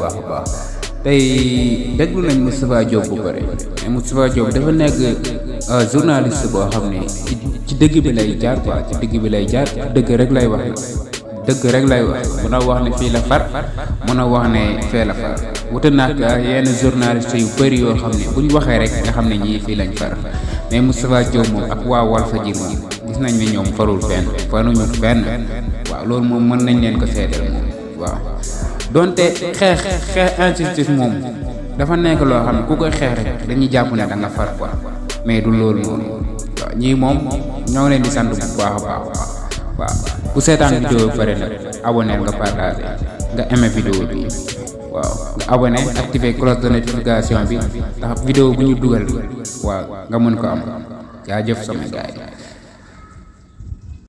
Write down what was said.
baax a baax tey déglu nañ Moustapha Diop bu pare mais Moustapha Diop dafa nekk euh, journaliste boo xam ne ci dëgg bi lay jaar quoi ci dëgg bi lay jaar dëgg rek lay wax dëgg rek lay wax mën na wax ne fii la far mën wax ne fee la far wute nag euh, yenn journaliste yu bëri yoo xam ne buñ waxee rek nga xam ne ñii fii lañ far mais Moustapha Diop moom ak waa Walfadjri moom gis nañ ne ñoom farul fenn faruñu fenn waaw loolu moom mën nañ leen ko seedal moom waaw donte xeex xeex injustice moom dafa nekk loo xam ne ku koy xeex rek dañuy jàpp ne da nga far quoi mais du loolu moom waaw ñii moom ñoo ngi leen di sant bu baax a baax ku seetaan vidéo bi pare nag abonné nga partagé nga aimé vidéo bi waaw nga abonné activé cloche de notification bi ndax vidéo bu ñu dugal waaw nga mën ko am yaa jëf sama gaay